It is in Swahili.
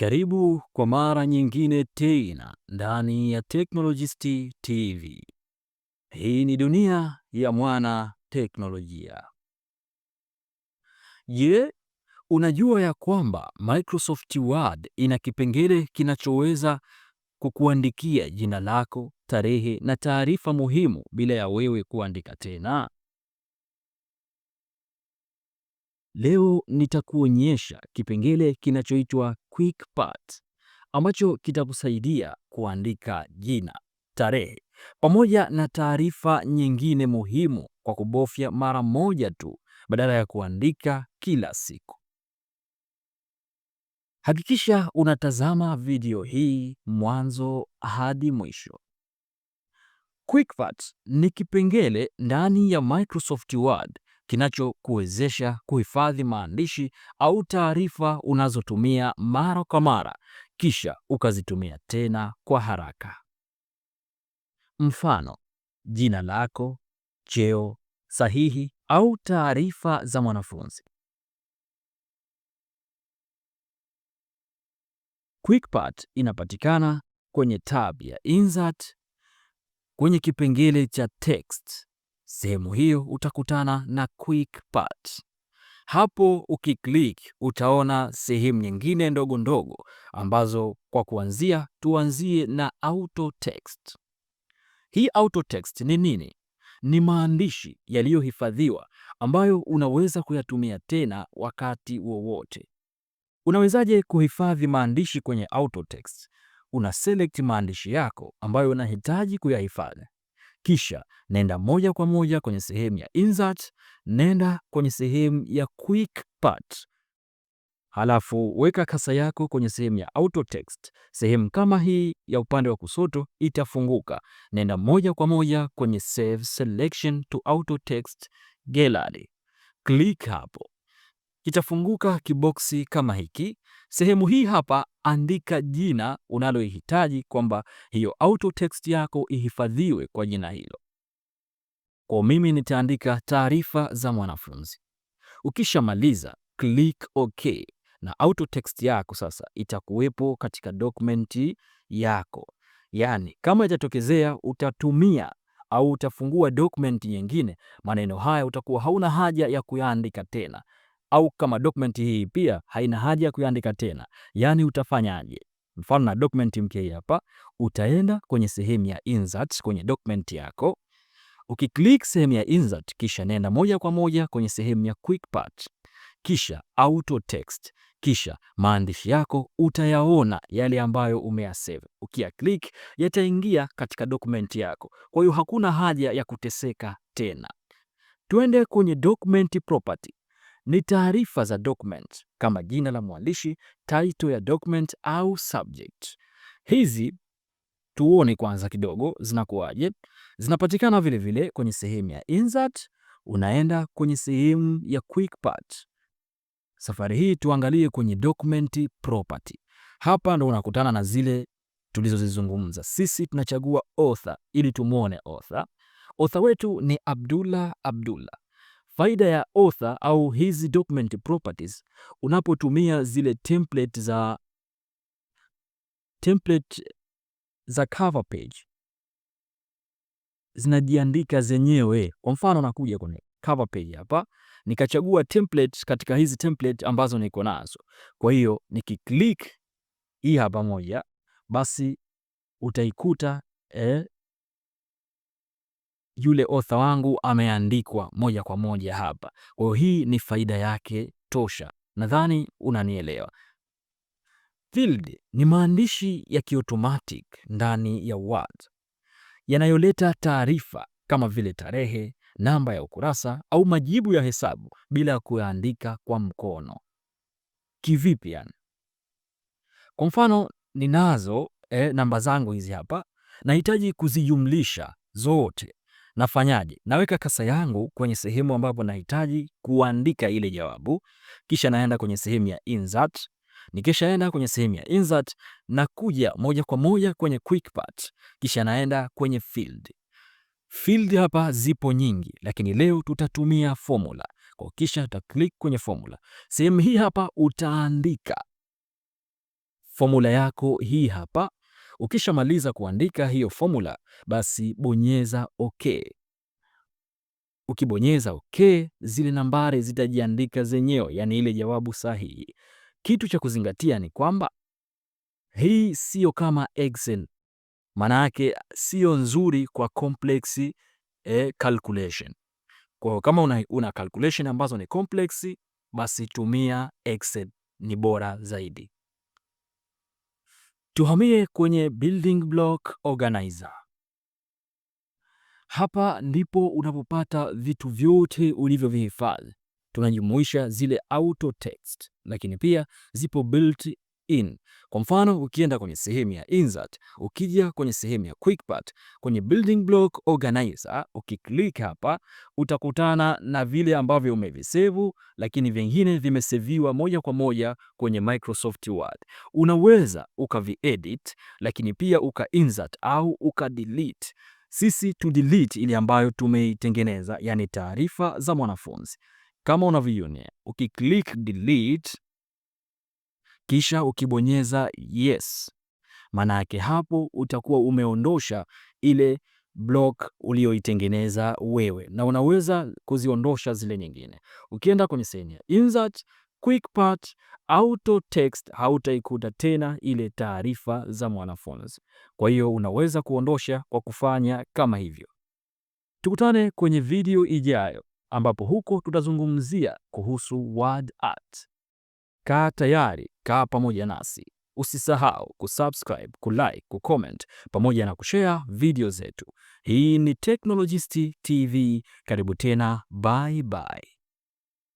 Karibu kwa mara nyingine tena ndani ya Technologist TV. Hii ni dunia ya mwana teknolojia. Je, unajua ya kwamba Microsoft Word ina kipengele kinachoweza kukuandikia jina lako, tarehe na taarifa muhimu bila ya wewe kuandika tena? Leo nitakuonyesha kipengele kinachoitwa Quick Part ambacho kitakusaidia kuandika jina, tarehe pamoja na taarifa nyingine muhimu kwa kubofya mara moja tu badala ya kuandika kila siku. Hakikisha unatazama video hii mwanzo hadi mwisho. QuickPart ni kipengele ndani ya Microsoft Word kinachokuwezesha kuhifadhi maandishi au taarifa unazotumia mara kwa mara kisha ukazitumia tena kwa haraka. Mfano, jina lako, cheo sahihi au taarifa za mwanafunzi. QuickPart inapatikana kwenye tab ya Insert kwenye kipengele cha Text. Sehemu hiyo utakutana na quick part. Hapo ukiklik utaona sehemu nyingine ndogo ndogo ambazo kwa kuanzia tuanzie na auto text. Hii auto text ni nini? Ni maandishi yaliyohifadhiwa ambayo unaweza kuyatumia tena wakati wowote. Unawezaje kuhifadhi maandishi kwenye auto text? Una select maandishi yako ambayo unahitaji kuyahifadhi. Kisha nenda moja kwa moja kwenye sehemu ya insert, nenda kwenye sehemu ya quick part, halafu weka kasa yako kwenye sehemu ya auto text. Sehemu kama hii ya upande wa kusoto itafunguka. Nenda moja kwa moja kwenye save selection to auto text gallery, click hapo, itafunguka kiboksi kama hiki. Sehemu hii hapa andika jina unalohitaji kwamba hiyo auto text yako ihifadhiwe kwa jina hilo. Kwa mimi nitaandika taarifa za mwanafunzi. Ukishamaliza click OK na auto text yako sasa itakuwepo katika dokumenti yako. Yaani, kama itatokezea utatumia au utafungua dokumenti nyingine, maneno haya utakuwa hauna haja ya kuyaandika tena au kama dokumenti hii pia haina haja ya kuiandika tena. Yaani utafanyaje? Mfano na dokumenti mpya hii hapa, utaenda kwenye sehemu ya insert kwenye dokumenti yako. Ukiklik sehemu ya insert, kisha nenda moja kwa moja kwenye sehemu ya quick part, kisha auto text, kisha maandishi yako utayaona yale ambayo umeyasave. Ukia click yataingia katika dokumenti yako, kwa hiyo hakuna haja ya kuteseka tena. Tuende kwenye document property ni taarifa za document kama jina la mwandishi, title ya document au subject. Hizi tuone kwanza kidogo zinakuwaje. Zinapatikana vile vile kwenye sehemu ya insert, unaenda kwenye sehemu ya quick part. Safari hii tuangalie kwenye document property. Hapa ndo unakutana na zile tulizozizungumza. Sisi tunachagua author ili tumwone author. Author wetu ni Abdullah Abdullah. Faida ya author au hizi document properties unapotumia zile template za template za cover page zinajiandika zenyewe. Kwa mfano, nakuja kwenye cover page hapa nikachagua template katika hizi template ambazo niko nazo. Kwa hiyo nikiklik hii hapa moja, basi utaikuta eh, yule otha wangu ameandikwa moja kwa moja hapa. Kwa hiyo hii ni faida yake tosha, nadhani unanielewa. Field ni maandishi ya kiotomatic ndani ya Word yanayoleta taarifa kama vile tarehe, namba ya ukurasa au majibu ya hesabu bila ya kuyaandika kwa mkono. Kivipi yani? Kwa mfano ninazo eh, namba zangu hizi hapa, nahitaji kuzijumlisha zote Nafanyaje? Naweka kasa yangu kwenye sehemu ambapo nahitaji kuandika ile jawabu, kisha naenda kwenye sehemu ya insert. Nikishaenda kwenye sehemu ya insert, nakuja moja kwa moja kwenye quick part, kisha naenda kwenye field. Field hapa zipo nyingi, lakini leo tutatumia formula kwa, kisha click kwenye formula. Sehemu hii hapa utaandika formula yako hii hapa Ukishamaliza kuandika hiyo formula, basi bonyeza OK. Ukibonyeza OK, zile nambari zitajiandika zenyewe, yaani ile jawabu sahihi. Kitu cha kuzingatia ni kwamba hii siyo kama Excel, maana yake siyo nzuri kwa complex eh, calculation. Kwa hiyo kama una, una calculation ambazo ni complex, basi tumia Excel ni bora zaidi. Tuhamie kwenye building block organizer. Hapa ndipo unapopata vitu vyote ulivyovihifadhi, tunajumuisha zile auto text, lakini pia zipo built in. Kwa mfano, ukienda kwenye sehemu ya insert, ukija kwenye sehemu ya quick part, kwenye building block organizer, ukiklik hapa utakutana na vile ambavyo umevisevu, lakini vingine vimeseviwa moja kwa moja kwenye Microsoft Word. Unaweza ukaviedit, lakini pia uka insert au uka delete. Sisi tu delete ile ambayo tumeitengeneza, yani taarifa za mwanafunzi kama unavyoona ukiklik delete kisha ukibonyeza yes, maana yake hapo utakuwa umeondosha ile block uliyoitengeneza wewe, na unaweza kuziondosha zile nyingine. Ukienda kwenye sehemu ya insert part auto text hautaikuta tena ile taarifa za mwanafunzi. Kwa hiyo unaweza kuondosha kwa kufanya kama hivyo. Tukutane kwenye video ijayo ambapo huko tutazungumzia kuhusu word art. Kaa tayari, kaa pamoja nasi. Usisahau kusubscribe, kulike, kucomment pamoja na kushare video zetu. Hii ni Technologist TV. Karibu tena, bye bye.